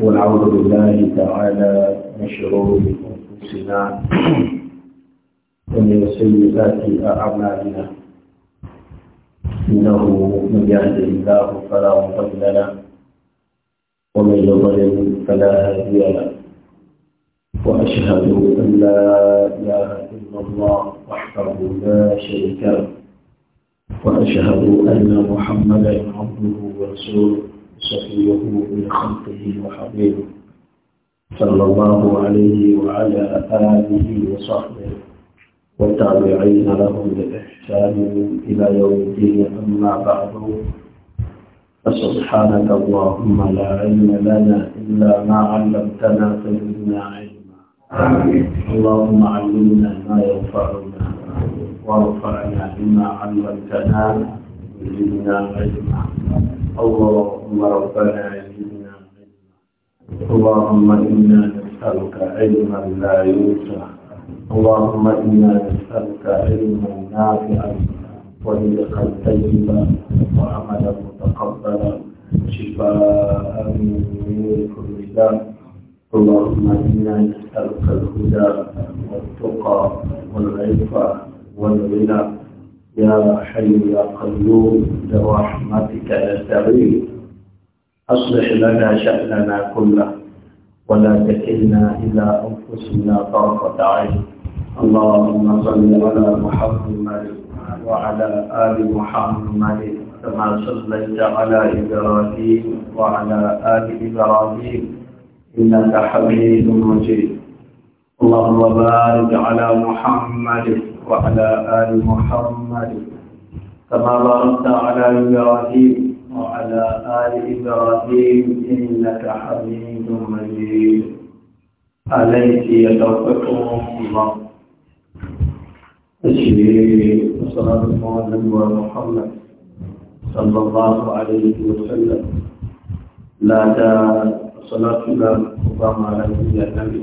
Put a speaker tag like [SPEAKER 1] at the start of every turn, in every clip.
[SPEAKER 1] ونعوذ بالله تعالى من شرور أنفسنا ومن سيئات أعمالنا إنه من يهد الله فلا مضل له ومن يضلل فلا هادي له وأشهد أن لا إله إلا الله وحده لا شريك له وأشهد أن محمدا عبده ورسوله وصفيه من خلقه وحبيبه صلى الله عليه وعلى آله وصحبه والتابعين لهم بإحسان إلى يوم الدين أما بعد فسبحانك اللهم لا علم لنا إلا ما علمتنا فزدنا علما اللهم علمنا ما ينفعنا وارفعنا بما علمتنا زدنا علما اللهم ربنا زدنا علما اللهم انا نسالك علما لا يوسع اللهم انا نسالك علما نافعا ورزقا طيبا وعملا متقبلا شفاء من كل داء اللهم انا نسالك الهدى والتقى والعفه والغنى يا حي يا قيوم برحمتك نستغيث أصلح لنا شأننا كله ولا تكلنا إلى أنفسنا طرفة عين اللهم صل على محمد وعلى آل محمد كما صليت على إبراهيم وعلى آل إبراهيم إنك حميد مجيد اللهم بارك على محمد وعلى آل محمد كما باركت على إبراهيم وعلى آل إبراهيم إنك حميد مجيد عليك يتوفقهم الله تشريع وصلاة محمد ومحمد صلى الله عليه وسلم لا الله وقام على النبي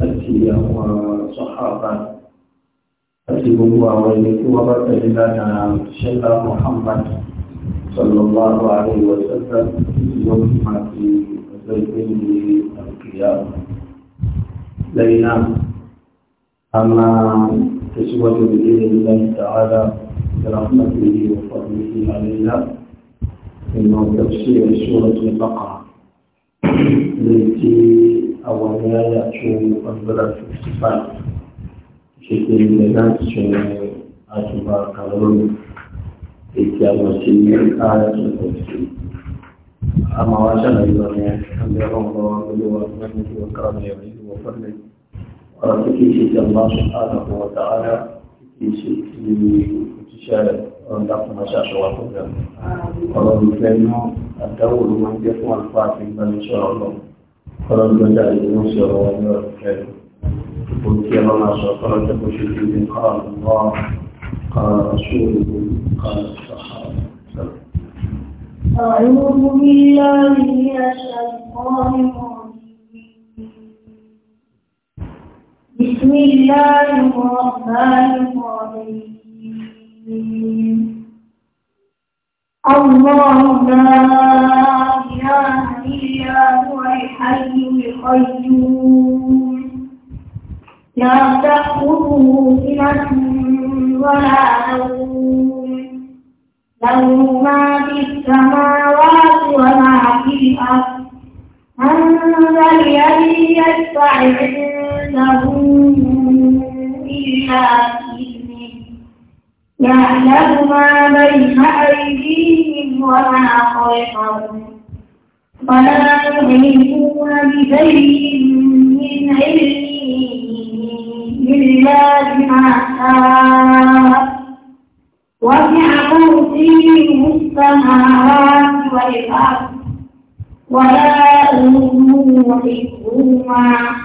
[SPEAKER 1] أتي وصحابه àti gbogbo àwọn ẹni tí wọ́n bá tẹ̀lé lánàá ṣẹ́lá Muhammad sallallahu alaihi wa sallam títí yóò fi máa fi ọjọ́ ìgbé ní àkìyà lẹ́yìn náà a máa tẹ̀síwájú ìdílé nílẹ̀ ìdáhàdà برحمته وفضله علينا إنه تفسير سورة البقرة التي أولها يأتي قبل 55 ṣètò ilẹ̀ láti ṣe àtúbà kàlórí ètò àwọn sí ààrẹ ọ̀sẹ̀. أما واشر أيضا الحمد لله وله ونعمه وكرمه وعزه وفضله ورفقه شيخ الله سبحانه وتعالى في شيخ تشارك ونقم شاش وفضله ورب كلمه الدور من يفوى الفاتح بل إن شاء الله ورب جعل المنصر ونور الكلمه بكي لنا شطرة مشركين قال الله قال رسوله قال الصحابة
[SPEAKER 2] أعوذ بالله من الشيطان بسم الله الرحمن الرحيم الله لا إله إلا هو الحي القيوم لا تأخذه سنة ولا نوم له ما في السماوات وما في الأرض من ذا الذي يشفع عنده إلا يعلم ما بين أيديهم وما خلفهم ولا يحيطون بشيء من علمه إلا بما شاء وسع كرسيه السماوات والأرض ولا أمه حفظهما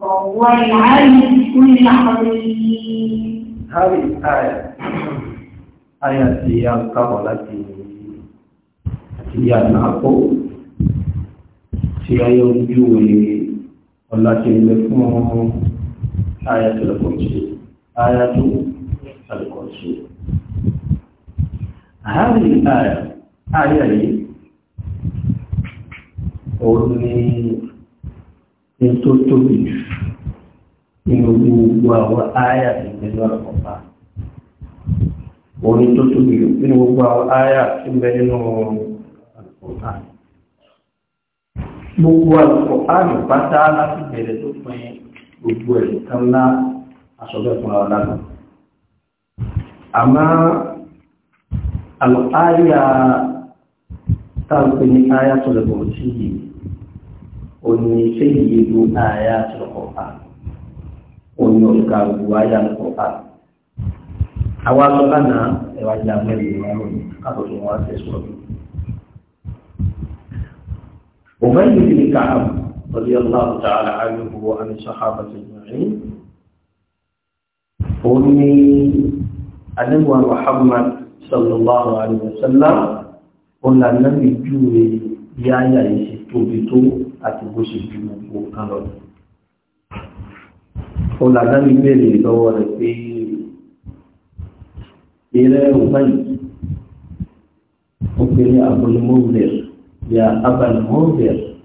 [SPEAKER 2] وهو العزيز الحكيم هذه
[SPEAKER 1] الآية آية هي القبر التي هي النار tí ayé ojú ìwé ọ̀la ti ń lè fún ọmọ ayatul kursi ayatul kursi هذه الآية آية لي قولني إن تتبج إن وهو آية من القرآن وإن تتبج إن وهو آية من القرآن gbogbo àlùkò àlùpàtà láti bẹ̀rẹ̀ tó pin gbogbo ẹ̀ kan ná aṣọ́bẹ̀ fún ara lánàá àmọ́ àlùkáyà táàpé ní káyà tó lẹ́bọ̀ tí òní ṣé yìí lu àyà tó lọ́kọ̀ pa òní òṣùkà lu àyà lọ́kọ̀ pa àwọn aṣọ́bà náà ẹ̀wà ìjà mẹ́rin ìwọ̀n kátó tó wọ́n á tẹ̀síwọ́n. رضي الله تعالى عنه وعن الصحابة أجمعين أمي أنبوى محمد صلى الله عليه وسلم قلنا النبي جوي يا يا يسيتوبيتو أتبوسي جوكو كالو قلنا النبي بيري دور في إلى أبي وكيل أبو المنذر يا أبا المنذر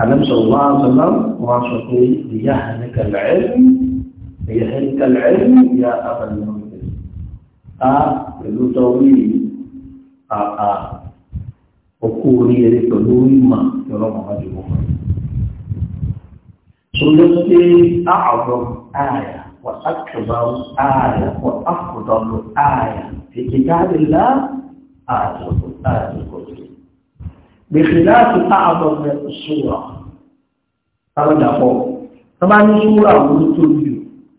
[SPEAKER 1] النبي صلى الله عليه وسلم وعشقه ليهلك العلم ليهلك العلم يا أبا المنذر آ آه، بلو توي آ آه، آ آه. وكوري يلي ما يرام حاجب سلسلتي أعظم آية وأكبر آية وأفضل آية في كتاب الله آية القرآن بخلاف káàbọ̀ rẹ̀ ṣúra tàbídàpọ̀ tàbá ní ṣúra wọ́n tóbi jù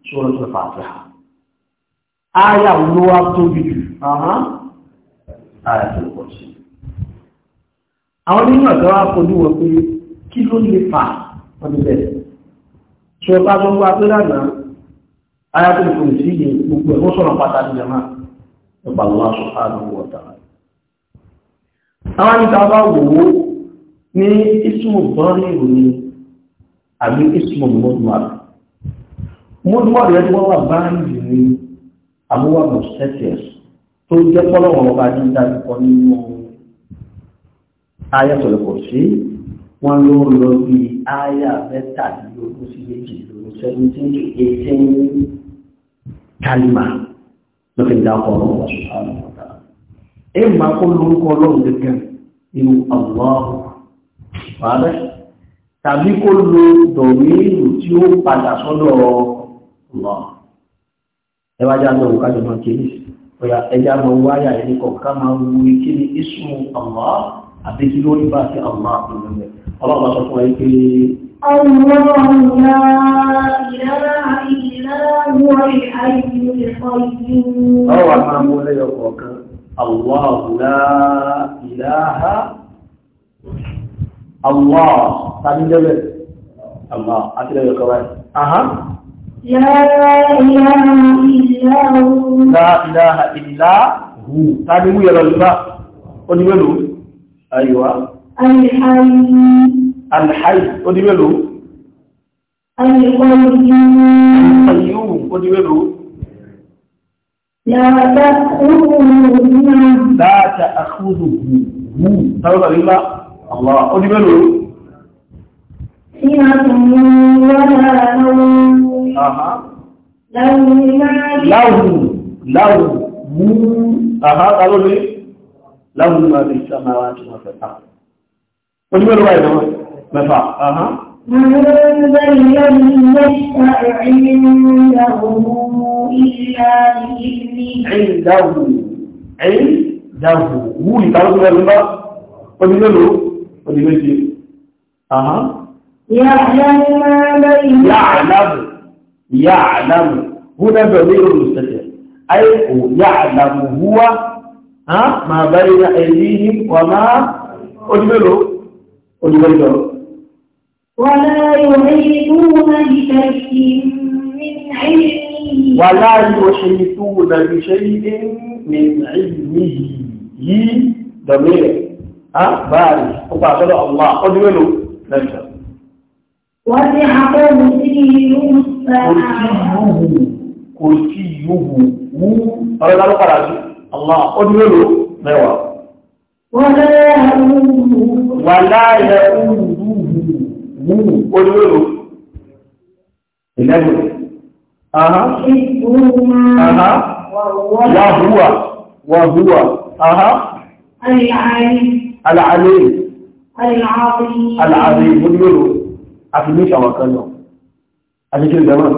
[SPEAKER 1] ṣúra tó fàájá ayà ló wá tóbi jù ààrẹ tó pọ̀ sí àwọn nínú ọ̀dọ́ wá fojú wọ pé kí ló lè fà wọ́n ti bẹ̀rẹ̀ ṣe ọba tó wá pé lánàá ayà kò sí yẹ gbogbo ẹ̀ ó sọ̀rọ̀ pátá nígbà náà ọba lọ́wọ́ sọ̀rọ̀ àwọn níta bá wò ó ní ismu bọ́ọ̀lì ìròyìn àbí ismu mọ́tòmọ́tò mọ́tòmọ́tò yẹn tí wọ́n wà báyìí ní àbúwà mọ̀sẹ́tìẹ̀s tó jẹ́ pọ́lọ́wọ́ ọba ní ìdájúkọ nínú ayẹ́tọ̀lẹ̀kọ̀ sí wọ́n ló ń lọ bí ayà mẹ́tàdínlógún sí méjìlélógún seventeen to kó lórúkọ ọlọ́run gẹ́gẹ́ irú Allahu wàhálẹ̀ tàbí kó lo dọ̀míìrù tí ó padà sọ́dọ̀ Allah ẹ wá já lọ òkàjọ máa kéde ọ̀yà ẹja máa ń wáyà ẹni kọ̀ọ̀ká máa ń wú kí ni ismu Allah àti kí ló ní bá Allah nínú ọlọ́run sọ fún ẹ pé. Allahu la ilaha Allah tàbí jẹ́bẹ̀ Allah àti lẹ́yọ̀ kọwàá
[SPEAKER 2] aha La ilaha illa hu La ilaha illa
[SPEAKER 1] hu tàbí mú yẹ̀rọ lọ́lá oníwẹ̀lú ayíwá Al-Hayy oníwẹ̀lú oh,
[SPEAKER 2] Al-Qayyum oníwẹ̀lú oh, لا تأخذه لا
[SPEAKER 1] تأخذه ترى لله الله قولي بلو
[SPEAKER 2] سنة ولا نوم أها له
[SPEAKER 1] له أها قالوا لي له ما في السماوات وما في الأرض قولي بلو ما يدوي مفع أها
[SPEAKER 2] من بين يشفع عنده إلا بإذنه
[SPEAKER 1] عنده عنده هو يتعرض إلى الماء قد له قد يجي أها
[SPEAKER 2] يعلم ما بين
[SPEAKER 1] يعلم يعلم هنا ضمير المستتر أي يعلم هو ها ما بين أيديهم وما أجمله أجمله
[SPEAKER 2] ولا يحيطون بشيء من علمه ولا
[SPEAKER 1] يحيطون بشيء من علمه هي ضمير ها بارز وبعد الله قد ولو نفسه
[SPEAKER 2] وسع كرسيه السماوات
[SPEAKER 1] كرسيه هذا قال قراجي الله قد يلو نوا
[SPEAKER 2] ولا يؤوده ولا
[SPEAKER 1] يؤوده Mú olóró. Ìlẹ́wọ̀. Àhá.
[SPEAKER 2] Àhá. Wàhúwà.
[SPEAKER 1] Wàhúwà. Àhá.
[SPEAKER 2] Àlàálé. Àlàálé. Olóró.
[SPEAKER 1] A fi méjì àwọn kan lọ. A ti jẹ́ ìgbẹ̀mọ̀.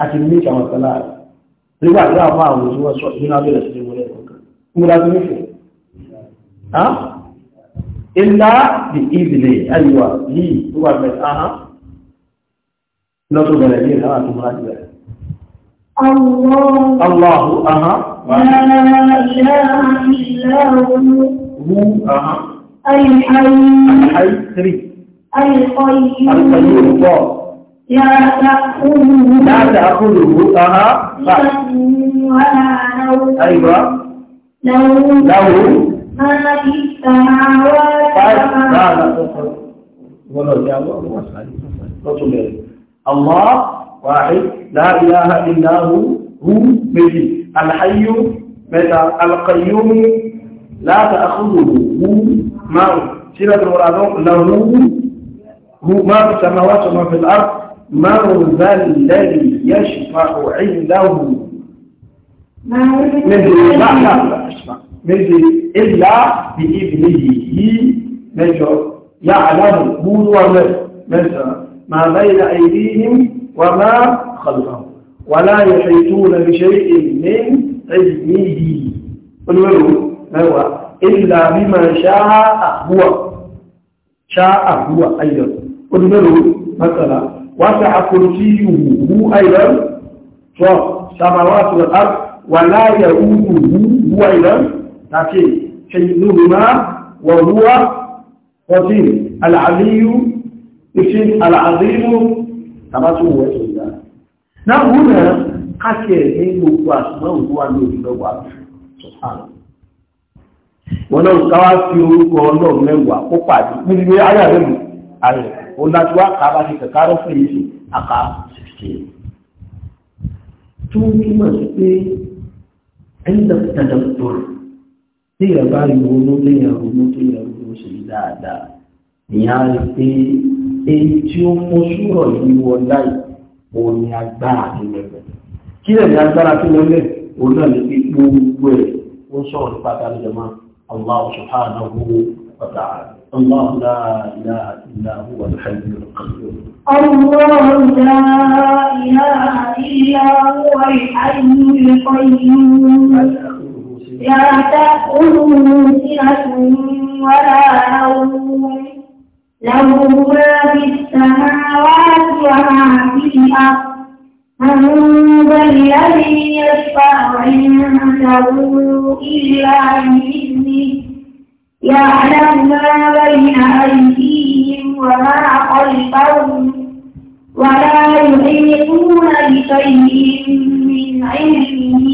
[SPEAKER 1] A ti méjì kan láàrín. Nígbà tí a fún àwọn sí ilé mọ́lẹ̀ ọ̀kan. إلا بإذنه أيوة لي هو المسألة نطلب الذين هاتوا مراجعة
[SPEAKER 2] الله الله أها لا إله إلا هو هو أها الحي الحي ثري القيوم القيوم الله لا تأخذه لا تأخذه أها ولا نوم أيوة له له
[SPEAKER 1] الله واحد لا إله إلا هو هو مجيد الحي متى القيوم لا تأخذه هو ما سيرة القرآن له هو ما في السماوات وما في الأرض من ذا الذي يشفع عنده
[SPEAKER 2] من لا لا لا اشفع
[SPEAKER 1] méje ìlà bí ìbìlì yìí mẹ́jọ yá aláàbò búrú ọlẹ́ mẹ́jọ máa báyìí àìríhìn wà máa kọlọ̀ wà láyé ṣètò lẹ́bí ṣe ìlú ẹ̀yìn yìí olóòrò mẹ́wàá ìlà bí máa ṣáà àbúwà ṣáà àbúwà ayọ̀ olóòrò mẹ́kànlá wáṣà àkọsí ìhù ayọ̀ tó sàmàwá tó wà láyé ìhù ayọ̀ لكن شيئهما وهو قدير العلي اسم العظيم كما هو الله نعم هنا قتل من اسماء هو نور سبحان الله wọn náà ká wá fi orúkọ ọlọ́run mẹ́wàá kó pàdé níbi ayà rẹ̀ mú ayẹ̀ ó láti wá ká bá ti kẹ̀kẹ́ rọ́ fún yìí àká ṣìṣe tó túmọ̀ sí pé ẹni dàbí dandan tó tí ẹ bá rí ronú léèyàn ronú tó yẹ ronú ṣe dáadáa ìyá rí pé èyí tí ó mú súrọ̀ yìí wọ láì òun ni agbára tó lẹ́gbẹ̀ẹ́ kí lè ní agbára tó lẹ́gbẹ̀ẹ́ òun náà lè fi gbogbo ẹ̀ ó sọ̀rọ̀ nípa tàbí jẹ̀mọ́ Allah subhanahu wa ta'ala الله
[SPEAKER 2] لا إله إلا هو الحي القيوم الله لا إله إلا هو الحي القيوم لا تأخذوا سنة ولا نوم له ما في السماوات وما في الأرض من ذا الذي يشفع عنده إلا بإذنه يعلم ما بين أيديهم وما خلفهم ولا يحيطون بشيء من علمه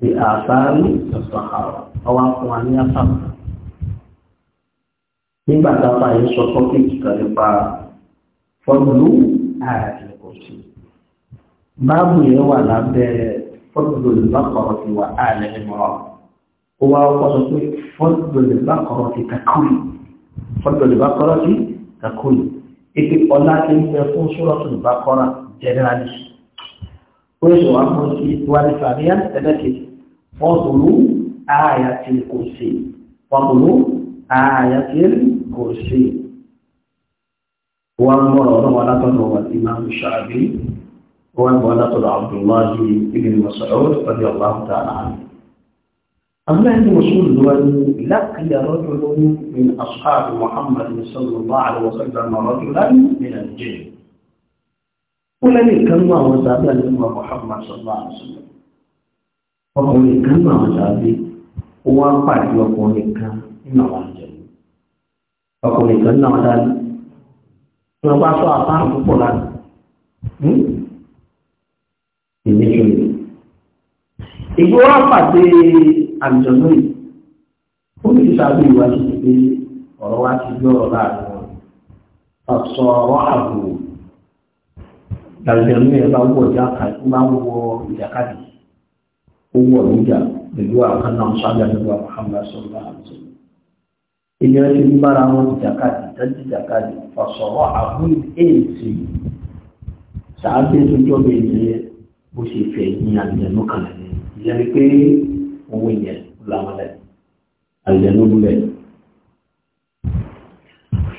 [SPEAKER 1] bí àbárí ìsọ̀hárọ̀ ọwọ́ fún wa ní àfàmù. nígbà tá a bá yẹn sọ tọ́pìkì kan nípa fọ́dùlù ààrẹ kòtì báàbù yẹn wà lábẹ́ fọ́dùlù bákọ̀rọ̀ ti wà ààrẹ mọ́ra ó wá ọkọ̀ sọ pé fọ́dùlù bákọ̀rọ̀ ti kakúlù fọ́dùlù bákọ̀rọ̀ ti kakúlù ètò ọlá ti ń bẹ fún sọ́rọ̀tù bákọ̀rọ̀ jẹ́nẹ́rálì ó yẹ sọ wá fún sí wàlífàríà ẹlẹ́kẹ̀ẹ́ فضل آية الكرسي فضل آية الكرسي ولا ولد الإمام الشعبي والولد عبد الله بن مسعود رضي الله تعالى عنه أما أن الله لقي رجل من أصحاب محمد صلى الله عليه وسلم رجلا من الجن ولم يكن الله تعالى محمد صلى الله عليه وسلم ọkùnrin kan náà àwọn sàbí ó wá pàdé ọkùnrin kan nínú àwọn àjẹmú ọkùnrin kan náà àwọn sàbí tí wọn bá sọ apá púpọ̀ láti ìní hmm? ṣòro ìgbó wá pàdé àjọmú yìí ó ní sàbí ìwà ti ti pé ọ̀rọ̀ wá ti gbé ọ̀rọ̀ láàrin wọn ọ̀sọ̀ ọ̀rọ̀ àbò àjọmú yẹn bá wọ ìjàkadì owó ọ̀gbìjà pẹ̀lú àkànnà ọ̀ṣájà nígbà Muhammad sallallahu alaihi wasallam. ènìyàn ti ń bára wọn jàkadì tẹ́tí jàkadì fọ̀sọ̀rọ̀ àbúrò èèsì sàábé tójọ́ bẹ́ẹ̀ ni bó ṣe fẹ́ ní àjẹnú kan lẹ́yìn ìyẹn ni pé owó yẹn lámọ́lẹ̀ àjẹnú lulẹ̀.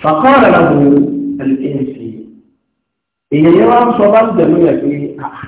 [SPEAKER 2] fàkọ́ọ̀rẹ́ làwọn
[SPEAKER 1] ẹlẹ́sìn èèyàn yẹn wá ń sọ bá ń jẹ̀lú yẹn pé àà ah,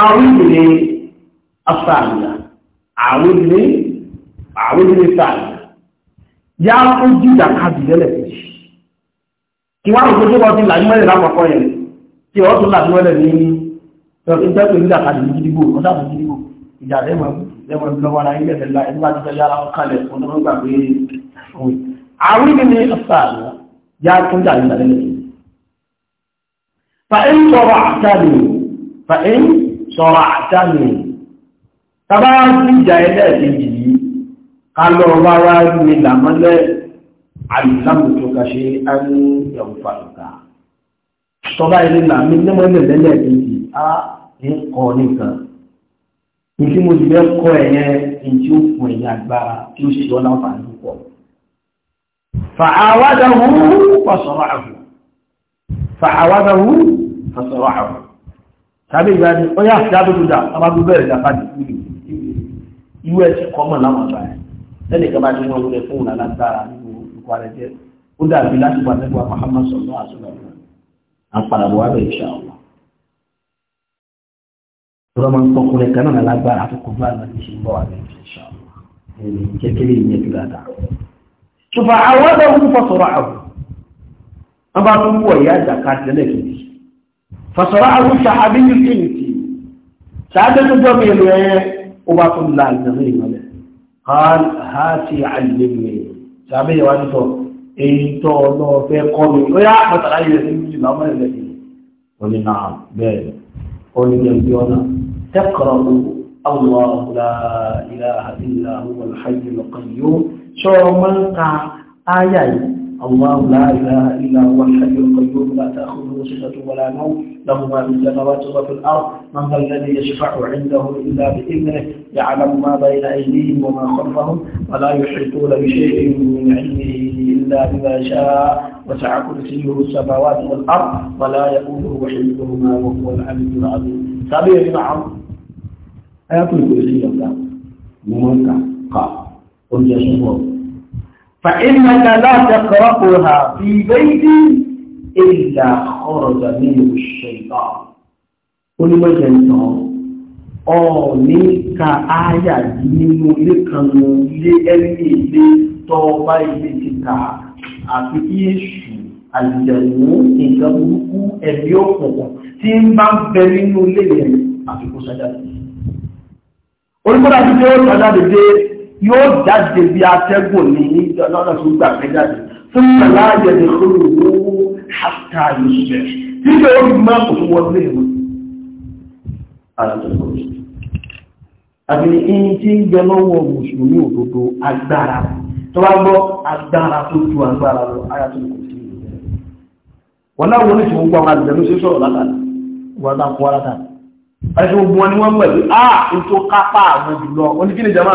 [SPEAKER 1] àwùjọ ní asáàlá àwùjọ ní àwùjọ ní sáàlá yá ó jíjà kábìlẹ̀ lẹ́yìn kí wọ́n rò gbogbo ọdún làjú mẹ́rin lápapọ̀ yẹn tí ó tún làjú mẹ́rin ní ìjọpẹ́ ìjà kábìlẹ̀ gidigbo ọ̀dà fún gidigbo ìjà lẹ́mọ̀ lẹ́mọ̀ lọ́wọ́ ara ilẹ̀ tẹ̀lá ẹni bá ti fẹ́ yára wọn kalẹ̀ ọdún wọn gbàgbé òun fa in sọ̀rọ̀ àtàlẹ̀ fa in sọ̀rọ̀ àtàmì tàbá sí ìjà ẹlẹ́ẹ̀kejì yìí ká lọ wá wá ní làmọ́lẹ́ àìsàmùtò kàṣe àrùn ìyàwófàlùkà tọ́lá ilé làmí lẹ́mọ́lẹ̀ lẹ́lẹ́ẹ̀kejì á ń kọ nìkan ìdí mo ti fẹ́ kọ ẹ̀yẹ tàbí ìgbà ni ó yà sí abẹ́tòjà abájú bẹ̀rẹ̀ ìjà káàdì kúrò ìwé ẹ̀sìn kọ́mọ̀ láwọn àgbà yẹn lẹ́nu ìjọba tí wọ́n wulẹ̀ fún òun alágbára nínú ìkọ́ rẹ̀ jẹ́ ó dàbí láti wà nípa Muhammad sọ̀rọ̀ àṣọlá àpàlàbọ̀ wà bẹ̀rẹ̀ ìṣà ọ̀la. ìjọba máa ń tọkùnrin kan náà lágbára àtúkò bá àgbà tí ṣe fàṣọrọ àwọn ṣàhábí yìí nìkì ṣáájú tó jọmọ ìlú ẹ ó bá tún la àjẹsí ìmọ́lẹ̀ kan ha ti àjẹ mi ṣàbí ìwà tó èyí tó ọlọ́ sí ìlú ọmọ ní náà الله لا إله إلا هو الحي القيوم شو من قا آيات الله لا إله إلا هو الحي القيوم لا تأخذه سنة ولا نوم له ما في السماوات وفي الأرض من ذا الذي يشفع عنده إلا بإذنه يعلم ما بين أيديهم وما خلفهم ولا يحيطون بشيء من علمه إلا بما شاء وسع كرسيه السماوات والأرض ولا يؤوده حفظهما وهو العلي العظيم سبيل نعم آيات الكرسي الله ممكن قال قل يا شباب فإنك لَا تقرأها في بيت إلا خرج منه الشيطان onímọ̀jẹ̀ntàn ọ̀ọ̀ní ka ááyà yìí nínú ilé kan nù ilé ẹ̀rí ilé tọ́ọ̀bá ilé kíkà àti kí èṣù àjẹ̀mú nǹkan burúkú ẹ̀mí òkùnkùn tí ń bá ń bẹ nínú ilé yẹn àfikún sájáde. onímọ̀jẹ̀ntàn ó sájáde dé yóò jáde bí atẹ́gùn ní lọ́nà tó gbà pé jáde fún ìpàlá ayẹyẹ olùwó ṣàtà ìṣẹ́ tí yóò rí máa kò fún wọn lè mú àti ẹni tí ń jẹ lọ́wọ́ mùsùlùmí òdodo agbára tó bá gbọ́ agbára tó ju agbára lọ ayatollah kò sí ìlú wọn náà wọlé tí wọ́n gbọ́ àwọn àjẹmí sí sọ̀rọ̀ látàrí wọ́n náà kọ́ látàrí àti gbogbo wọn ni wọ́n mọ̀ sí ah ètò kápá àwọn jùlọ oníkíni jama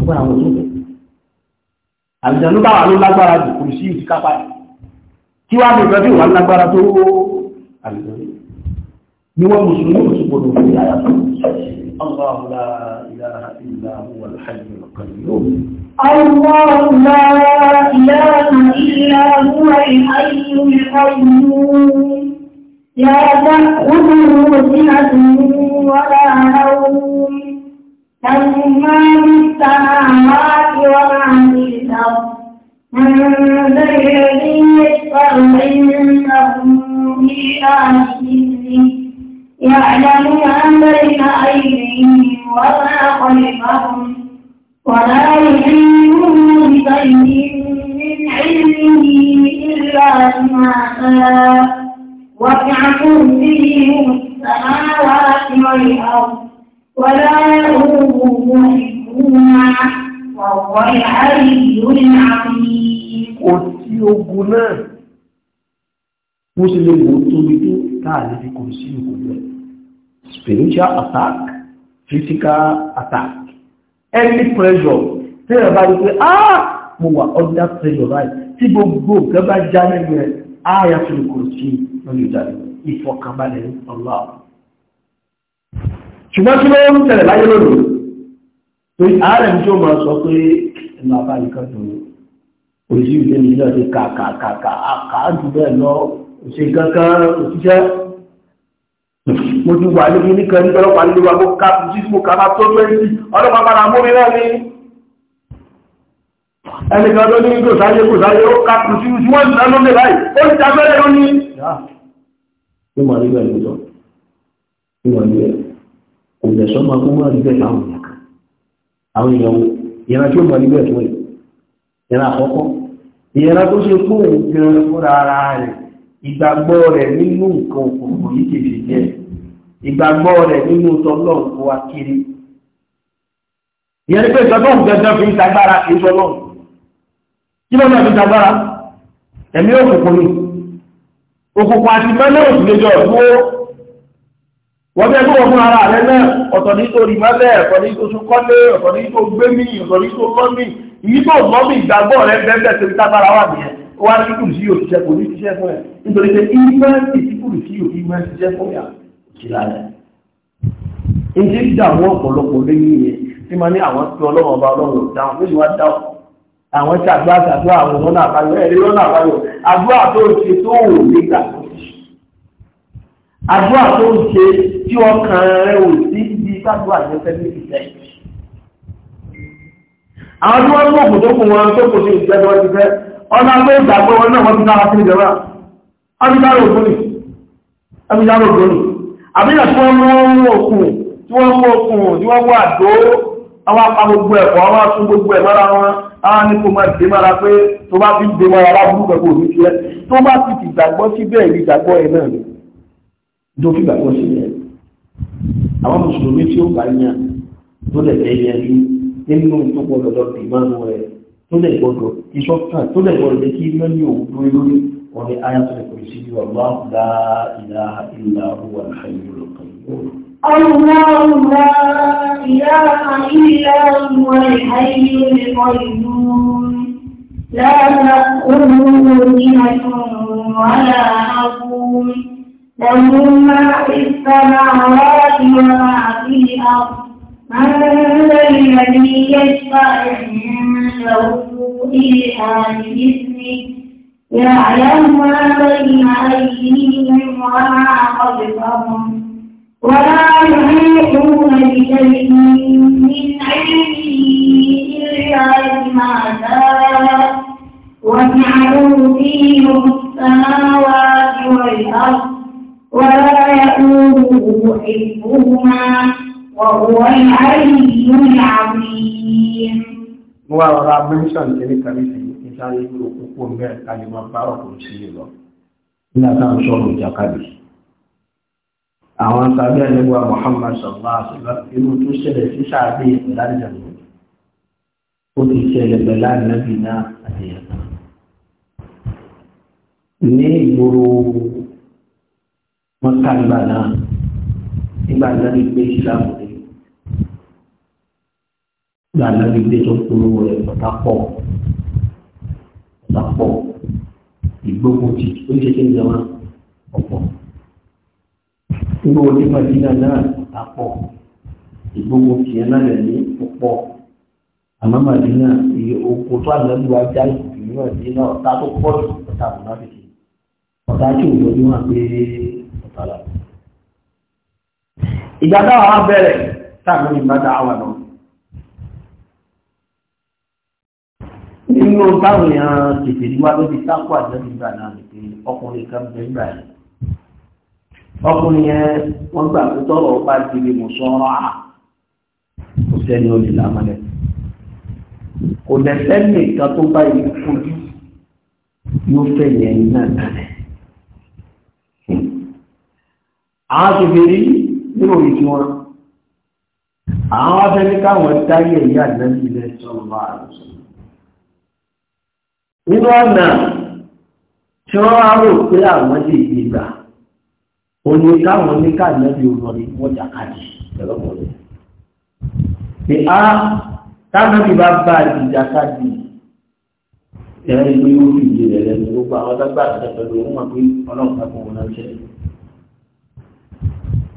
[SPEAKER 1] fún àwọn oṣù àbìjànú bá wà ló lágbára jù kò sí ìtì kápá kí wá ní ìgbẹ́bí wà lágbára tó àbìjànú ni wọ́n mùsùlùmí ò sí gbọdọ̀ fún ìyá yàtọ̀ الله لا إله إلا هو الحي القيوم
[SPEAKER 2] الله لا إله إلا هو الحي القيوم لا تأخذه سنة ولا نوم له ما في السماوات وما في الأرض من ذا الذي يشفع عنده إلا بإذنه يعلم ما بين أيديهم وما خلفهم ولا يحيطون بشيء من علمه إلا بما شاء وسع كرسيه السماوات والأرض ولا يؤوده حفظهما وهو العلي العظيم kò sí ogun náà
[SPEAKER 1] bó ṣe lè wò tóbi tó táàlé fi kò sí ogun rẹ̀ spiritual attack physical attack any pressure tí ẹ̀ bá rí pé ah mo wà under pressure right tí gbogbo nǹkan já nínú ẹ̀ áyà tó kò sí ìfọkànbalẹ̀ ọlọ́run ṣùgbọ́n kí ló ń tẹ̀lẹ̀ láyé lónìí pé ààrẹ ní tó máa sọ pé ẹnu àbáyé kan tó òṣì ìdí ní ìjọ ti kàkàkàkà àkàádù bẹ́ẹ̀ lọ òṣè kankan òṣìṣẹ́ mo ti wà níbi nìkan nígbà ọlọ́pàá nílé wa mo ká sí mo ká máa tó twenty ọlọ́pàá padà mú mi náà ní ẹnìkan ló ní kò sáyé kò sáyé ó ká kù sí wọ́n ti dáná lé báyìí ó ti dáná lé ó ní. yóò máa rí bẹ́ẹ̀ lóòótọ́ yóò máa rí bẹ́ẹ̀ kò lẹ̀ sọ́mọ kó wọ́n rí bẹ́ẹ̀ láwọn èèyàn kan àwọn èèyàn wo ìran tí ó mọ̀ rí bẹ́ẹ̀ fún ẹ̀ ìran àkọ́kọ́ ìran tó ṣe kó òun gan fúnra ara rẹ̀ ìgbàgbọ́ rẹ̀ nínú nǹkan òkùnkùn yìí kèfì jẹ́ ìgbàgbọ́ rẹ̀ nínú tọ́lọ́run kó wá kiri ìyẹn ni pé tọ́lọ́run gangan fi ń tagbára kì í tọ́lọ́run kí ló náà fi tagbára ẹ̀mí òkùnkùn ni òkùnkùn àti mẹ́lẹ́ òsì wọ́n bẹ́ẹ̀ tó wọ́n fún ara rẹ̀ náà ọ̀tọ̀ ní tó rí mẹ́lẹ̀ ọ̀tọ̀ ní tó súnkọ́lé ọ̀tọ̀ ní tó gbémí ọ̀tọ̀ ní tó lọ́mí ìyí tó lọ́mí ìgbàgbọ́ rẹ̀ bẹ́ẹ̀ tó tábára wà nìyẹn ó wá ní kùrù sí yóò ṣiṣẹ́ kò ṣiṣẹ́ fún ẹ̀ nítorí pé ìmẹ́ẹ̀sì tí kùrù sí yóò fi ṣiṣẹ́ fún yà òṣìlá rẹ̀ ìdí ìdààmú ọ̀pọ̀lọpọ̀ àwọn tí ọlọ́run ọba tí àdúrà tó ń ṣe tí ọkàn rẹ̀ ò sí ibi ní àwọn tí wọ́n ń tó kù wọn tó kò sí ìfẹ́ tí wọ́n ti fẹ́ ọ̀nà wọn náà wọ́n ti dára sí ìjọba tí wọ́n mú òkun tí mú òkun tí gbogbo àwọn atún gbogbo wọn àwọn ní dókì gbàgbọ́ sílẹ̀ àwọn mùsùlùmí tí ó bá yàn tó lè fẹ́ yẹjú nínú tó gbọdọ̀ lọ bí mánu rẹ̀ tó lè gbọdọ̀ ìṣọ́kà tó lè gbọdọ̀ kí mẹ́lí òun dúró lórí wọn ni aya tó lè pè sí bí wàlá la ilaha illa huwa al-hayyul qayyum.
[SPEAKER 2] Allahu la ilaha illa huwa al-hayyul qayyum.
[SPEAKER 1] La ta'khudhuhu sinatun wa la
[SPEAKER 2] nawm ومن ما في السماوات وما في الأرض من الذي يشفع عنده إلا بإذنه يعلم ما بين أيديهم وما خلفهم ولا يحيطون بشيء من علمه إلا بما شاء وجعلوا فيهم السماوات والأرض ولا يؤوده حفظهما وهو العلي العظيم
[SPEAKER 1] wọ́n rọra mẹ́ṣàn kìíní kàríṣì ìtàrí òkúkú mẹ́rin kalima bárọ̀ kò sí lọ nígbàtà ń sọ̀rọ̀ ìjàkadì àwọn sàbí àlẹ́gbà Muhammad sọ̀rọ̀ àṣìlá irú tó ṣẹlẹ̀ sí sàbí wọ́n ká ìgbà náà nígbà náà ní pé islam rẹ̀ ìgbà náà ní pé tó polówó rẹ̀ pọ̀tàpọ̀ pọ̀tàpọ̀ ìgbógun ti ó ṣe kí n jẹun ọ̀pọ̀ nígbà wo ní madina náà pọ̀tàpọ̀ ìgbógun ti ẹ̀ náà lẹ̀ ní pọ̀pọ̀ àmọ́ madina iye oko tó àlọ́lù wa já ìgbìmọ̀ madina ọ̀tá tó pọ̀ jù ọ̀tá àbúrò àbìkì ọ̀tá tí òun lójú hàn pé sálà. Ìgbà táwọn á bẹ̀rẹ̀ táàmì ìbádá àwọn náà. Nínú táwọn èèyàn tètè níwá ló ti sápò àjẹ́gbà náà ní pé ọkùnrin kan bẹ gbà yẹn. Ọkùnrin yẹn wọ́n gbà pé tọ́rọ̀ bá ti rí mùsọ́rọ̀ à kò sẹ́ni ó lè lámọ́lẹ̀. Kò lẹ́sẹ̀ nìkan tó bá yìí fojú yóò fẹ̀yẹ̀ náà kalẹ̀. àwọn ti fi rí nínú òyìn tí wọ́n àwọn afẹ́ ní káwọn táyé èyí àdínẹ́bí ilẹ̀ sọ́lọ́bà àrùsọ nínú ọ̀nà tí wọ́n wá rò pé àwọn lè gbé gbà ó ní káwọn ní káàdínẹ́bí olórí wọ́n jàkadì lọ́pọ̀lọpọ̀ pé á tábìlì bá bá ìjàkadì ẹ̀rí ní ó fi ìdí rẹ̀ lẹ́nu gbogbo àwọn tágbà àti lórí wọn pé ọlọ́run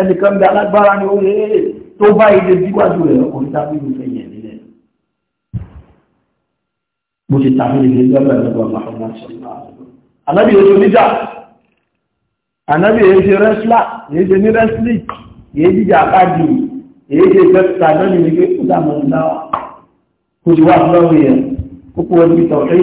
[SPEAKER 1] ẹnìkan bí alágbára ni ó yẹ tó bá ilé díwájú rẹ̀ ọkùnrin tábìlì fẹ́ yẹn nílẹ̀. mo ti tábìlì ní lọ́dọ̀ ẹ̀lọ́dọ̀ Muhammad sọ̀rọ̀ ànábì èso níjà ànábì èso rẹ́sílà èso ní rẹ́sílì èyí jíjà àkájù èyí ṣe fẹ́ ta lọ́nà ìwé kó dàmọ́ ìdáwà kó ti wá fúláwì yẹn kó kó wọ́n ti tọ̀hí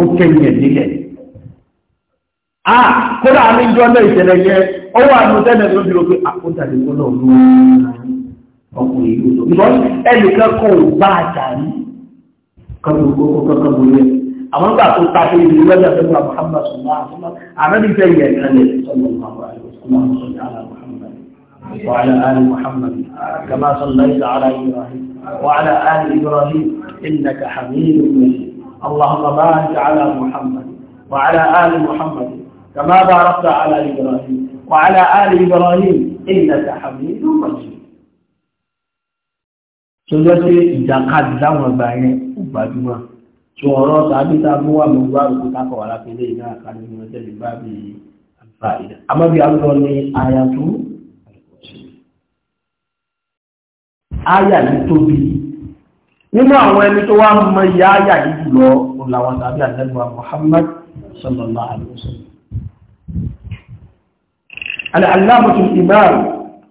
[SPEAKER 1] ó kẹ́yìn ẹ̀ nílẹ̀ a kódà ní ìjọ náà ìṣẹ̀lẹ̀ yẹ ó wà ní ọjọ́ ìṣẹ̀lẹ̀ lóbi lóbi àkójáde gbọ́dọ̀ ló ọkùnrin yìí lóbi lọ ẹnìkan kò bá àjàrí kọ́kọ́ lórí ẹ̀ àwọn gbà tó ta ìlú lọ́jọ́ tó gba Muhammad sọ̀rọ̀ àfọ́mọ́ àmẹ́lìfẹ́ yẹn kalẹ̀ sọ̀rọ̀ Muhammad وعلى آل محمد كما صليت على إبراهيم وعلى آل إبراهيم إنك حميد مجيد اللهم بارك على محمد وعلى آل محمد كما باركت على إبراهيم وعلى آل إبراهيم إنك حميد مجيد sọjọ́ pé ìjàkadì láwọn ọgbà yẹn ó gbajúmọ̀ tí ọ̀rọ̀ tàbí tàbí wà mọ̀ wá òkú tákọ̀ wà lápẹ́lẹ́ ìná àkàdé ní ọjọ́ ìgbà bí i àfàìdà àmọ́bí àlọ́ ní àyà àyà ní tóbi nínú àwọn ẹni tó wá mọ ìyá àyà yìí jùlọ òǹlàwọ̀n tàbí àtẹ́gbà Muhammad sallallahu alaihi wasallam al'alamatul imam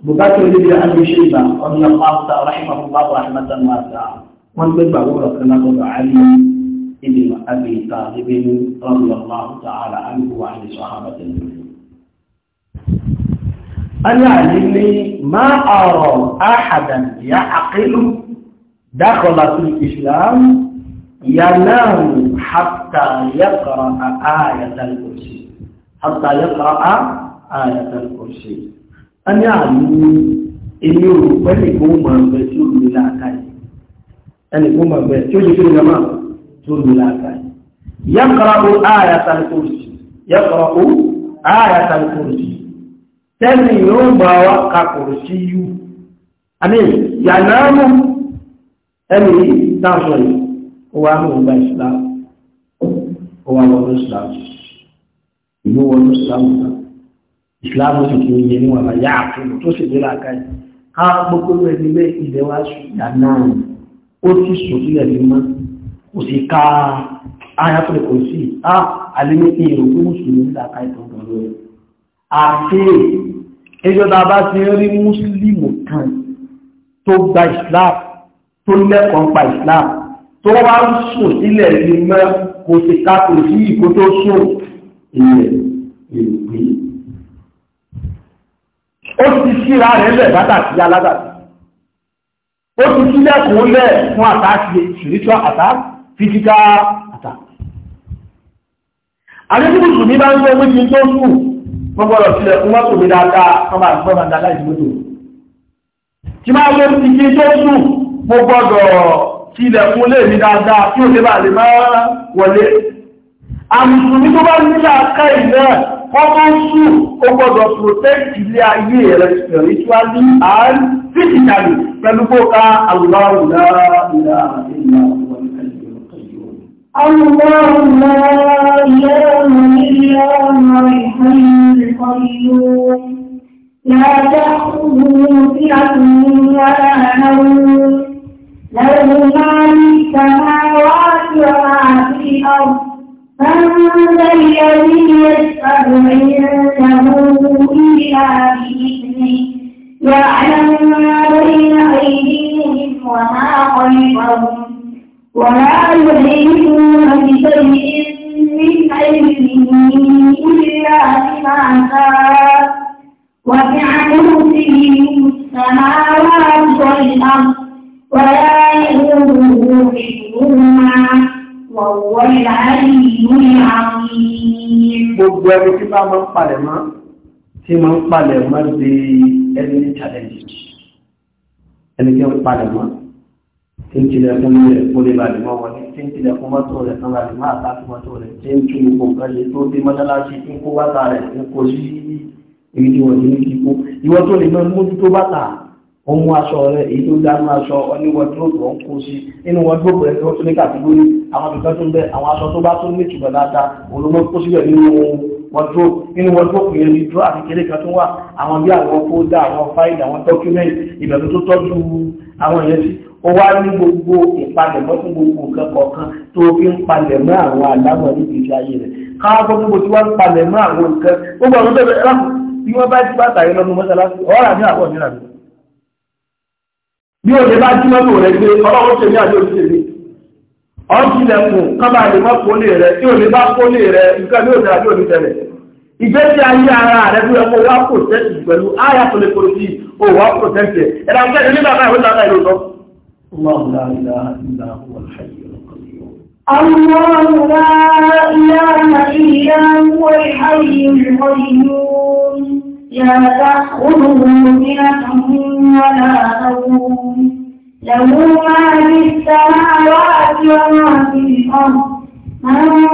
[SPEAKER 1] bukatu olivia al-shayba ọdún afta rahimahullah rahmatan wasa wọn gbẹgbà wọ́n kan látọ̀dọ̀ ali ibi abi tàbí radiyallahu ta'ala anhu wa ali sahabati أنا علمني ما أرى أحدا يعقل دخل في الإسلام ينام حتى يقرأ آية الكرسي حتى يقرأ آية الكرسي أن يعني èmi ò rò pé nìkan ó máa bẹ tí ó lè láàká yìí ẹnìkan máa bẹ tí ó lè kéré náà tí ó lè láàká yìí ẹni táwọn yìí ó wá ní ọgbà islam ó wá wọnú islam ìlú wọnú islam náà islam ó sì kí ń yẹ níwọ̀n bá yá àfihàn tó sì dé láàká yìí ká gbogbo rẹ̀ nílé ilẹ̀ wá sí ìdáná ó ti sòfin ẹ̀mí mọ́ kò sí ká ayáfẹ́ kò sí á alẹ́mí èrò pé mùsùlùmí láàká ìtọ́gbọ̀n lórí àti ìjọba bá ti rí mùsùlùmí kan tó gba islam tó lẹ́kọ̀ọ́ pa Islam tó wá ń sùn sílẹ̀ ní mọ́ kò sì kápò sí ìkó tó sùn ilẹ̀ ìrùgbé ó ti síra rẹ̀ lẹ̀ bátàtí aládàtí ó ti sílẹ̀kùn lẹ̀ fún àtàkì spiritual attack physical attack àdébùsù ní bá ń gbé wíjì tó sù gbọ́gbọ́rọ̀ sílẹ̀kùn mọ́tò mi dáadáa ọmọ àgbọ́mọdá láìsí mọ́tò tí máa lórí ti tó sùn mo gbọ́dọ̀ kí ilẹ̀kùn lè ní dáadáa kí ó lè bá lè máa wọlé àmùsùnmí tó bá nílà ká ìlẹ̀ ọmọ sù ó gbọ́dọ̀ protect ayé rẹ̀ spiritually and physically pẹ̀lú kó ká àlùláwùlá ìlà
[SPEAKER 2] ìlà الله لا إله إلا هو الحي له ما في السماوات وما في الأرض من ذا الذي يشفع عنده إلا بإذنه يعلم ما بين أيديهم وما خلفهم ولا يحيطون بشيء من علمه إلا بما شاء وسع كرسيه السماوات والأرض ولا يؤمنه حفظهما وهو العلي العظيم
[SPEAKER 1] gbogbo ẹni tí bá máa ń palẹ̀ mọ́ tí máa ń palẹ̀ mọ́ di ẹni ní challenge ẹni tí ń palẹ̀ mọ́ tí ń tilẹ̀ fún ilẹ̀ kó lè balẹ̀ mọ́ wọlé tí ń tilẹ̀ fún mọ́tò rẹ̀ kan balẹ̀ mọ́ àtàkùn rẹ̀ tí ń tún gbogbo nǹkan ṣe tó dé mọ́ṣáláṣí tí kó bàtà rẹ̀ ń kó sí ibi tí wọ́n ti ní kíkó ìwọ́n tó lè náà mójútó bàtà ó mú aṣọ rẹ̀ èyí tó dánú aṣọ ọní wọ́dúrópù ọ̀n kó sí inú wọ́dúrópù rẹ̀ tó ní kàtúgbórí àwọn ìkan tó ń bẹ àwọn aṣọ tó bá tó ní ìtùbọ̀ dáadáa olómọ́ kó síbẹ̀ nínú wọ́dúrópù nínú wọ́dúrópù yẹn ní dúró àti kéré kan tó wà àwọn bí àwọn fóódà àwọn fáìlì àwọn dọ́kúmẹ́ntì ìbẹ̀rù tó tọ́jú àwọn yẹn sí ó wá ní gbogbo ìpalẹ̀mọ́ fún gbogbo nǹkan kọ̀ọ̀kan tó fi ń palẹ̀mọ́ àwọn àlámọ̀ níbi ìṣe ayé rẹ̀ káàbọ̀ gbogbo tí wọ́n ń palẹ̀mọ́ àwọn nǹkan gbogbo àwọn tó bẹ̀rẹ̀ láti bí wọ́n bá ti bá tàyé lọ́nu mọ́sálásí ọ̀rà ní àwọn mìíràn bí o lè bá jí mọ́tò rẹ̀ gbé ọlọ́run ṣe ní àjọ òṣèlú ọ̀jìnlẹ̀kùn kábà lè má kólé rẹ̀ tí o lè bá kólé rẹ̀ nǹkan ní òṣèlú àjọ òṣèlú ìgbésí ayé ara rẹ̀ bí ẹkọ wá pòtẹ́tì pẹ̀lú àyà tó lè pòtí o wá pòtẹ́tì ẹ̀ ẹ̀dá ń kẹ́ni nígbà báyìí ó dáná ìlú sọ.
[SPEAKER 2] Àwọn ọ̀la ìlà لا تأخذه سنة ولا نوم له ما في السماوات وما في الأرض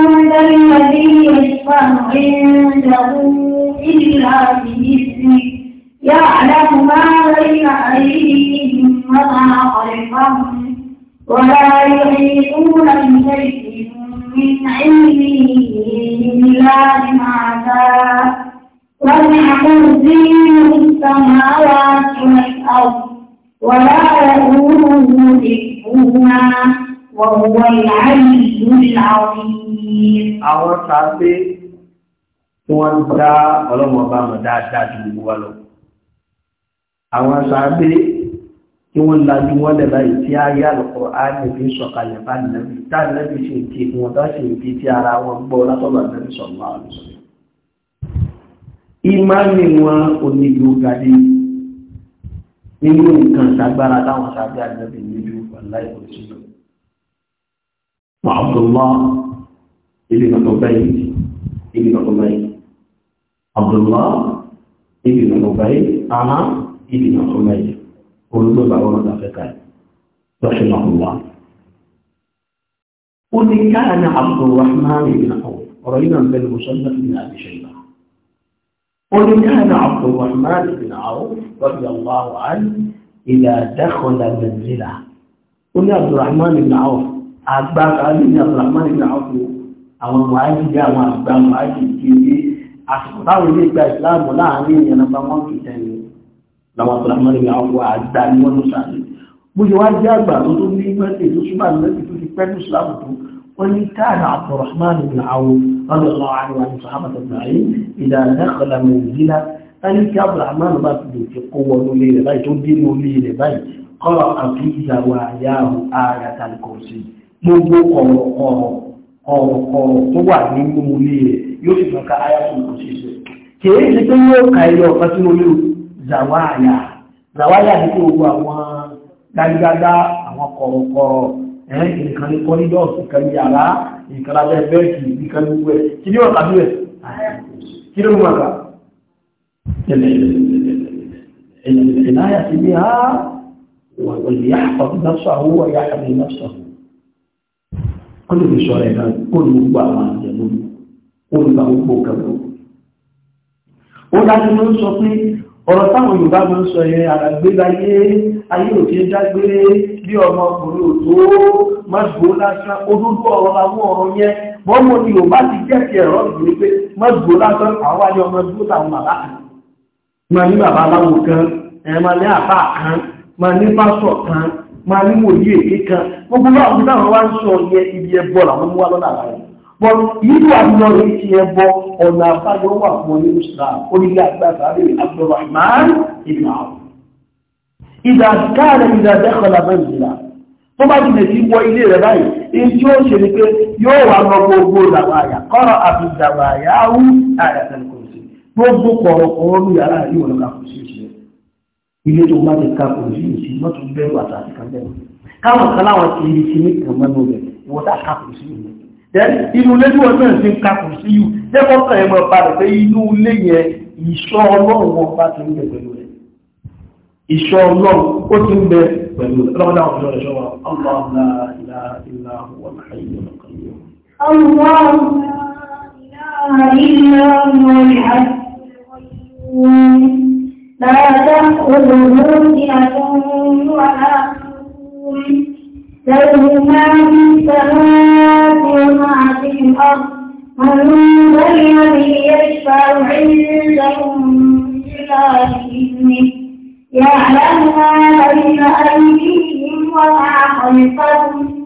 [SPEAKER 2] من ذا الذي يشفع عنده إلا بإذنه يعلم ما بين أيديهم وما خلفهم ولا يحيطون بشيء من علمه إلا بما شاء وسع كرسيه السماوات والأرض ولا يئوده حفظهما وهو العلي العظيم. àwọn sáfẹ́
[SPEAKER 1] tí wọ́n dá ọlọ́mọ ọba mọ̀ dáadáa ju gbogbo wa lọ. àwọn sáfẹ́ tí wọ́n lajú wọ́n lẹ̀ báyìí tí a yà lọ́kọ̀ á lè fi sọ̀kalẹ̀ bá nìlẹ́bí tá nìlẹ́bí ṣe ti wọn tó ṣe ti ti ara wọn gbọ́ látọ̀gbà nìlẹ́bí sọ̀rọ̀ ìmáàmì wọn onígbò gàdé nínú nǹkan ìṣàgbára táwọn ṣàbí àjọbí níjú ọ̀láì òṣìṣẹ́ wà Abdullah ibi nàkọ̀ báyìí ibi nàkọ̀ báyìí Abdullah ibi nàkọ̀ báyìí àmà ibi nàkọ̀ báyìí olùgbọ́gbà wọn ọ̀dà fẹ́ káyì lọ́ṣẹ̀ nàkọ̀ wà. ó ní káyà ní Abdulrahman ọ̀rọ̀ yìí náà ولكان عبد الرحمن بن عوف رضي الله عنه إذا دخل منزله قل عبد الرحمن بن عوف أتباع قال عبد الرحمن بن عوف àwọn mọ̀ájì jẹ́ àwọn àgbà mọ̀ájì tí ó bí àsìkò táwọn ilé ìgbà ìsìláàmù láàrin ìyànnàbà wọn kì í tẹ́lẹ̀ lọ́wọ́ tó lámọ́ níbi àwọn àgbà ní wọ́n ń sáré bó ṣe wá jẹ́ àgbà tó tó ní mẹ́tẹ̀ẹ́ tó súnmọ́ àmì mẹ́tẹ̀ẹ́ tó ti pẹ́ ní ìsìláàmù tó wọ́n ní káàdà àbdùrahman ibn awf رضي الله عنه وعن الصحابة أجمعين إذا دخل منزلا أن كعب الرحمن ما في قوة ليلة باي تدين ليلة باي قرأ في زواياه آية الكرسي gbogbo ọ̀rọ̀ ọ̀rọ̀ ọ̀rọ̀ ọ̀rọ̀ tó wà ní múlé rẹ̀ yóò fi mọ̀ká ayáṣùn kò sí ṣe kìí ṣe pé yóò ka ilé ọ̀pá tí olú zawaya zawaya ní kí gbogbo àwọn gbágbágbá àwọn kọ̀rọ̀kọ̀rọ̀ ẹ̀rẹ́ nǹkan ní kọ́rídọ̀ọ̀sì kan yàrá ìkan lábẹ́ bẹ́ẹ̀kì ìkan gbogbo ẹ̀ kí ní ọ̀tà bí ẹ̀ kí ló mọ̀ ká العناية بها وليحفظ نفسه ويحمي نفسه كل في شرعنا كل مبعا عن جنوب كل مبعا كبير ó dájú ló ń sọ pé ọ̀rọ̀ táwọn Yorùbá máa ń sọ yẹn ayé bí tó má gbó lásán odúdú ọ̀rọ̀ làwọn ọ̀rọ̀ yẹn bọ́mọ ni ò bá ti jẹ́ ti ẹ̀rọ ìwé pé má gbó lásán àwọn ayé ọmọ dúró táwọn bàbá kan má ní bàbá aláwo kan ẹ̀ má ní àbá kan má ní pásọ̀ kan má ní wòlíì èké kan gbogbo náà bí táwọn wá ń sọ yẹn ibi ẹbọ làwọn mú wá lọ́nà àbáyé tó bá jìnà sí wọ ilé rẹ̀ báyìí in tí ó ṣe ni pé yóò wà lọ gbogbo làwàyà kọ́rọ̀ àbí làwàyà áwú àyàtẹ̀lẹ̀kọ̀ọ̀sí gbogbo kọ̀ọ̀rọ̀ kọ̀ọ̀rọ̀ yàrá yìí wọ̀n ká kò sí ìṣẹ́ ilé tó bá ti ká kò sí ìṣẹ́ mọ́tò bẹ́rù àtàkì kan bẹ́rù káwọn kan láwọn ti rí sí ní kàmánú rẹ̀ ìwọ́n tá ká kò sí ìṣẹ́ inú ilé tí wọ́n náà ti ń kakùn sí yìí jẹ́kọ́ kan ẹ̀mọ̀ balẹ̀ pé inú ilé yẹn ìṣọ́ ọlọ́run wọn bá ti ń yẹ pẹ̀lú ìṣọ́ ọlọ́run ó ti ń bẹ pẹ̀lú ọlọ́run àwọn ọ̀ṣọ́ ẹ̀ṣọ́ wa Allahu la ilaha illa huwa al-hayyul qayyum
[SPEAKER 2] Allahu la ilaha illa huwa al-hayyul qayyum la ta'khudhuhu sinatun wa la nawm lahu ma fi as-samawati wa ma fi al-ard man dha alladhi yashfa'u 'indahu illa bi-idhnihi يعلم ما بين أيديهم وما خلفهم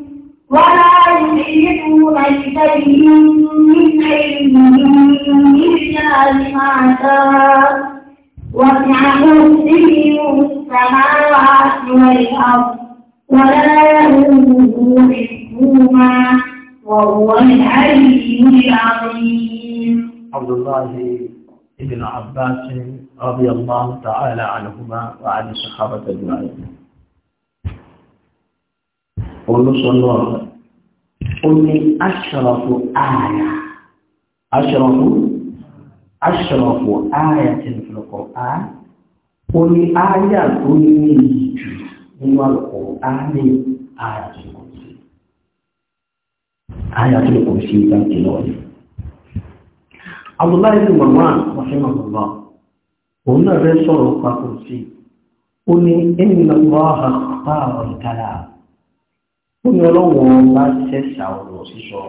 [SPEAKER 2] ولا يحيطون بشيء من علمهم إلا بما شاء وسع كرسيه السماوات والأرض ولا يئوده حفظهما وهو العلي العظيم
[SPEAKER 1] عبد الله بن عباس رضي الله تعالى عنهما وعن الصحابة أجمعين قل صلى الله عليه أشرف آية أشرف أشرف آية في القرآن قل آية قل من القرآن آية الكرسي آية الكرسي آية تنتهي عبد الله بن مروان رحمه الله òun náà fẹ́ sọ̀rọ̀ papọ̀ sí i ó ní ẹnìyàn wọ́n á pa ọ̀rọ̀ ìkàlà ó ní ọlọ́wọ́n bá ṣẹ̀ṣà ọ̀rọ̀ sísọ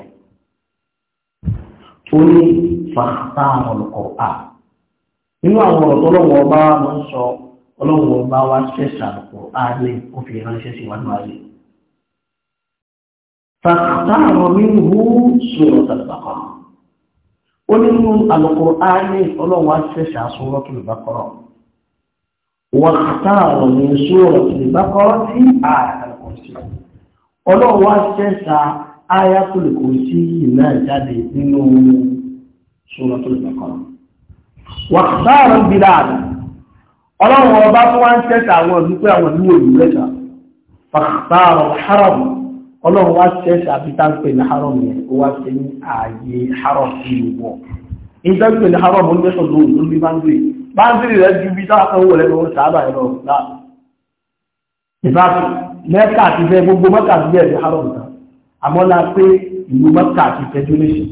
[SPEAKER 1] ó ní fàtà ọ̀rọ̀ à nínú àwọn ọ̀rọ̀ tọ́lọ́wọ́n bá wọn sọ ọlọ́wọ́n bá wá ṣẹ̀ṣà ọ̀rọ̀ à lè ó fi ránṣẹ́ sí wájú àlè fàtà ọ̀rọ̀ mi ń hú sọ̀rọ̀ tàbí onu ní nínú Al-Qur'ani ọlọ́run aṣẹ́ṣẹ́ aṣọ Suratul Baqara wọ́n kàtà ọ̀rọ̀ ní Suratul Baqara sí Ayatul Kursi ọlọ́run aṣẹ́ṣẹ́ Ayatul Kursi yìí náà jáde nínú Suratul Baqara wọ́n kàtà ọ̀rọ̀ Bilal ọlọ́run ọba tó wá ń ṣẹ́ṣẹ́ ọlọ́run wá ṣe ṣàbítàpẹ̀ ní haram yẹn ó wá ṣe ní ààyè haram ìlú wọ̀ ìgbẹ́gbẹ̀ ní haram ó lẹ́sọ̀ lóòrùn ló ní báńdìrì báńdìrì rẹ̀ ju bí táwọn rẹ̀ lọ́wọ́ sáábà ẹ̀rọ náà ìbáàtì mẹ́ta àti bẹ́ẹ̀ gbogbo mẹ́ta àti bẹ́ẹ̀ ní haram náà àmọ́ la pé ìlú mẹ́ta àti federation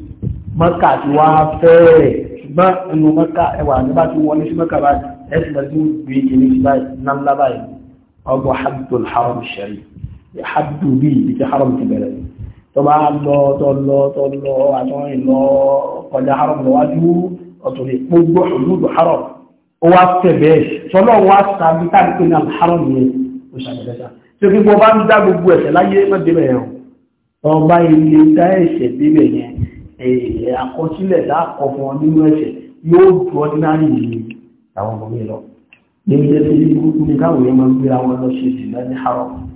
[SPEAKER 1] mẹ́ta àti wá fẹ́ẹ̀ ṣùgbọ́n hadu bí ibi tí haram ti bẹ̀rẹ̀ tó bá lọ tó lọ tó lọ àtọ́ ìlọ kọjá haram lọ́wájú ọ̀tọ̀lẹ̀ gbogbo hududu haram ó wá tẹ̀bẹ̀ sọ́lọ́ wá sàbí tàbí pé náà haram yẹn ó ṣàbẹ̀lẹ́sà tí ó kí bọ́ bá ń dá gbogbo ẹ̀ṣẹ̀ láyé mọ́débẹ̀ yẹn ọba ilé dá ẹ̀ṣẹ̀ débẹ̀ yẹn àkọsílẹ̀ dákọ̀ fún ọ nínú ẹ̀ṣẹ̀ yóò ju ọdínárì yìí àwọn ọmọ mi lọ. Ní ilé tí ó kú ní káwọn èèyàn máa ń gbéra wọn lọ ṣe ìsìn lẹ́ni haram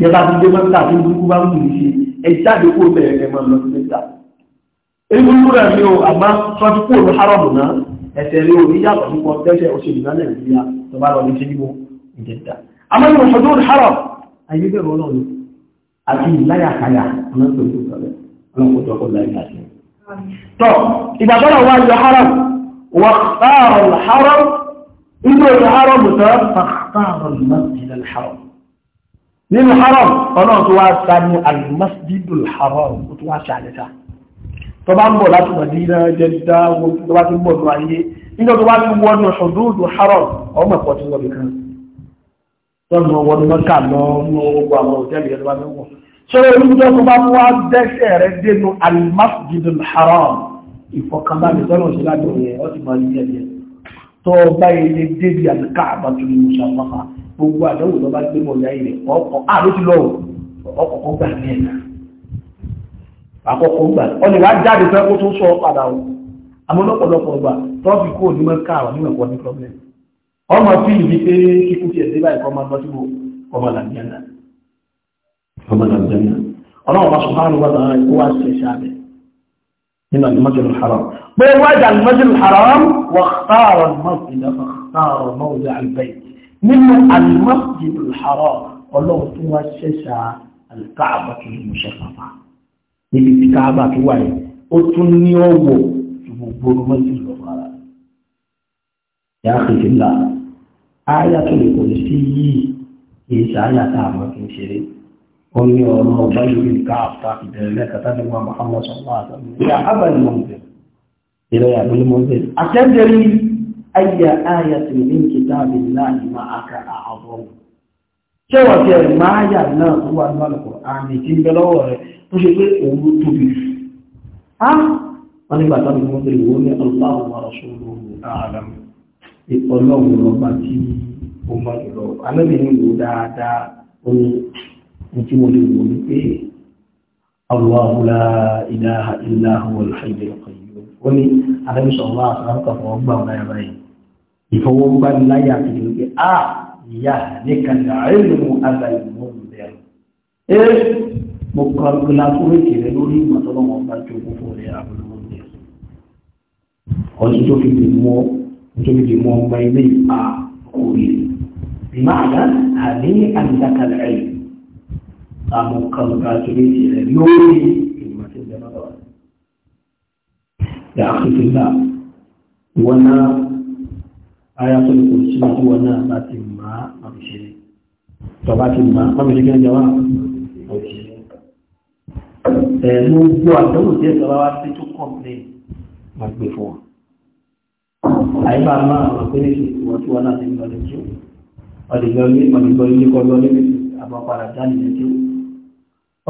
[SPEAKER 1] yẹn bá ti dé mọ́tà tó burúkú bá wù ní ṣe ẹ jáde kó bẹ̀rẹ̀ ẹ̀ máa lọ sí mẹ́ta. ewu rẹ̀ mi ò àmọ́ tọ́jú kó ló hárọ̀ mùná ẹ̀sẹ̀ rẹ̀ ò ní yàtọ̀ nípa tẹ́sẹ̀ òṣèlú náà nàìjíríà tó bá lọ ní ṣe níbo ìjẹta. àmọ́ ìwọ̀n ṣọdún hárọ̀ ayé bẹ̀rẹ̀ ọlọ́run àti ìláyàkáyà ọlọ́run tó tọ́ Inú ìhárọ̀ mùtọ́, fàkàtàrọ̀ nínú haram ọlọ́run tó wá sá ní almasjidul haram ó tó wá ṣàlẹ́ta tó bá ń bọ̀ láti Madina Jedda tó bá ti ń bọ̀ ní ayé nígbà tó bá ti wọnú hududu haram ọmọ ẹ̀kọ́ ti wọ́n kan tọ́nà wọnú mọ́kà lọ ní àwọn òtẹ́lì gbogbo àdánwò tó bá gbé mọ̀lá ilẹ̀ ọkọ̀ àló ah, ti lọ́wọ́ ọkọ̀ kan gbà ní ẹ̀ka àkọ́kọ́ gbà ọ lè wá jáde fẹ́ kó tó sọ padà o àmọ́ lọ́pọ̀lọpọ̀ gbà tó fi kó onímọ̀ káàwọ̀ nínú ẹ̀kọ́ ní problem ọmọ fi ìdí pé kíkú tiẹ̀ dé báyìí kọ́ máa lọ síbò ọmọ làbíyànà ọmọ làbíyànà ọlọ́run bá sọ fáwọn wọn náà kó wá sí ẹ̀ṣẹ̀ abẹ nínú al-masjid al-haram pé wájà al-masjid al-haram wà tààrọ̀ mọ́ ìdáfà tààrọ̀ mọ́ ìdá al-bayt nínú al-Masjidul Haram ọlọ́run tó wá ṣẹ̀ṣà al-Ka'batul Musharrafa níbi tí káàbà tó wáyé ó tún ní ọwọ́ gbogbo mọ́sí lọ fara ya kìí ńlá ayá tó lè kò sí yìí kìí ṣe ayá tá àmọ́ kìí ṣeré ó ní ọ̀rọ̀ ọba yìí ká àfta ìbẹ̀rẹ̀ lẹ́kàtà ní wọn Muhammad sallallahu alaihi wasallam ya abal munzir أي آية من كتاب الله معك أعظم ṣẹ́wọ̀n tí ẹ̀rì máa yà náà tó wà ní ọ̀lọ́pọ̀ àmì tí ń bẹ lọ́wọ́ rẹ̀ tó ṣe pé òun ló tóbi jù á wọ́n nígbà tó ní wọ́n tẹ̀lé wọ́n ní ọlọ́run wa ṣòro ààrẹ ọlọ́run lọ́gbà tí ó máa ń lọ anábìrin mo lè wò ní pé ọlọ́run la ilaha illa huwa al-hayyul qayyum ó ní adébísọ̀rọ̀ wà àtàkùn fọwọ́ gbà wọn láyà báyìí ìfọwọ́gbani láyà ti di wípé a ah, ìyá nìkan ní àìlùmù aláìmọ̀ bẹ̀rù ẹ mo kọ́ gíláfúrẹ́tì rẹ lórí ìmọ̀tọ́lọ́wọ́ bá jogún fún rẹ àbúrò tó lè mọ ah, lórí ya àkùnfìlà ìwọ náà ayá tó lè kò sí máa tó wọn náà láti máa àbìṣẹ́ tọba ti máa pàmìlì gẹ́gẹ́ jọba àbìṣẹ́ ẹ̀ẹ́nú gbọ́ àdánwò tí ẹ̀sọ́ wá sí tó kọ̀ọ̀pẹ́ máa gbé fún wọn àyíká máa àwọn àpẹẹrẹsì ìwọ̀n tí wọn náà ti ń lọ lé tí ó ọdìgbọ́ ilé kọ́ lọ lé àbọ̀ padà dání lé tí ó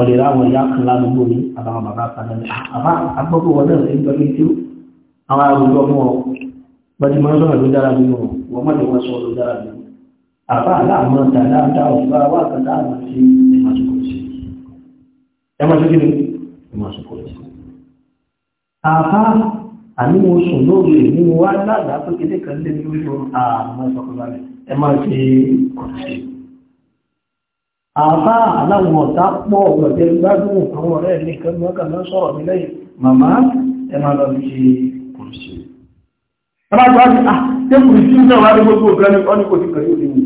[SPEAKER 1] ọ̀lẹ̀ ráwọn ìyá kan ládùúgbò ní àbáwọn bàbá padà ní àbá agbọ́gbọ́ wọn náà ń gbọ́gbé tí àwọn arúgbó mọ́ ọ bọ́dí máa ń sọ̀rọ̀ ló dára nínú wọn mọ́tò wọn sọ ló dára nínú àbá aláàmọ́ dáadáa ọ̀fà wà kan dáàmọ́ sí ìmọ̀sùkò sí ẹmọ́sùkò sí ìmọ̀sùkò sí. àbá
[SPEAKER 2] àní mo sùn lórí èmi
[SPEAKER 1] wá ládàá pé kéde kan lé mi lórí àbá aláwọn ọ̀tá pọ̀ ọ̀gbọ̀dẹ̀ gbádùn àwọn ọ̀rẹ́ ní kẹgbọ́nkà lọ sọ̀rọ̀ mi lẹ́yìn màmá ẹ máa lọ bí ṣe kùrùsì
[SPEAKER 2] ọmọdé wájú àti ah, kùrùsì náà
[SPEAKER 1] wá ní gbogbo ọ̀gbẹ́ni ọ́nì kò ti kẹ̀yọ́ ní wù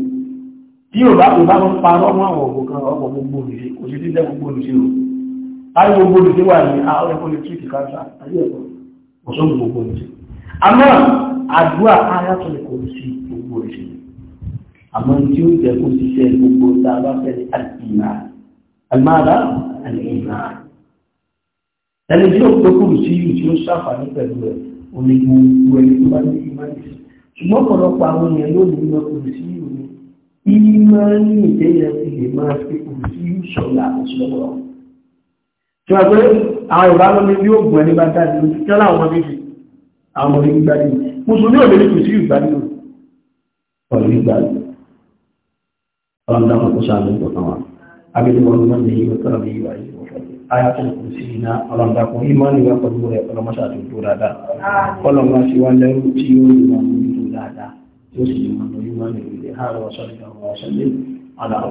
[SPEAKER 1] tí yóò bá bá ń parọ́ mọ́ àwọn ọ̀gbọ̀n kan ọ̀gbọ̀n gbogbo olùṣe kò sí dídẹ́ gbogbo olùṣe o láyé gbogbo olùṣe wà ní àwọn ah, ẹ̀kọ́ lè tìrìtì káńsà ayé ẹ̀kọ́ ọ̀sán gbogbo olùṣe àmọ́ àdúrà ayátọ̀lẹ̀ kò sí gbogbo olùṣe àmọ́ tí ó jẹ́ kó ṣiṣẹ́ gbogbo tá a bá fẹ́ ní àtìmá àmàlà àtìmá. ẹni tí ó gbókùrù sí yìí tí ó ṣàǹfààní pẹ̀lú ẹ̀ òní gbogbo ẹni tó bá ní ìmánì sí. ṣùgbọ́n ọ̀pọ̀lọpọ̀ àwọn èèyàn ló ní ìmọ̀ kùrù sí yìí ni ìmánì ìdẹ́yẹ ti lè máa fi kùrù sí yìí sọ̀rọ̀ àkọsílọ́pọ̀. tí wọ́n pẹ́ àwọn ìbámu ni bí oògùn ẹni bá dáadé ló ti tẹ́lá àwọn ọmọdé àwọn ọmọdé gbígbádùn mùsùlùmí ò رمضان القشان القطوان عبد ومنه وكرمه وعزه وفضله ayatul kursi na alanda ko imani wa ko dure ko ma sa tu dada ko lo ma si wan daru ti yo ma mu dada to si ma no imani de ha wa sallallahu wa sallim ala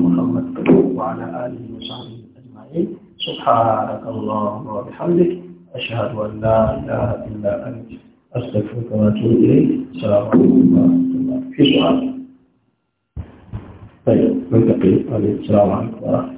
[SPEAKER 1] muhammad wa ala alihi wa sahbihi ajma'in subhanaka allahumma wa bihamdik ashhadu an la ilaha illa anta astaghfiruka wa atubu ilayk assalamu alaikum wa
[SPEAKER 2] rahmatullahi wa barakatuh طيب ننتقل عليه السلام عليكم ورحمة الله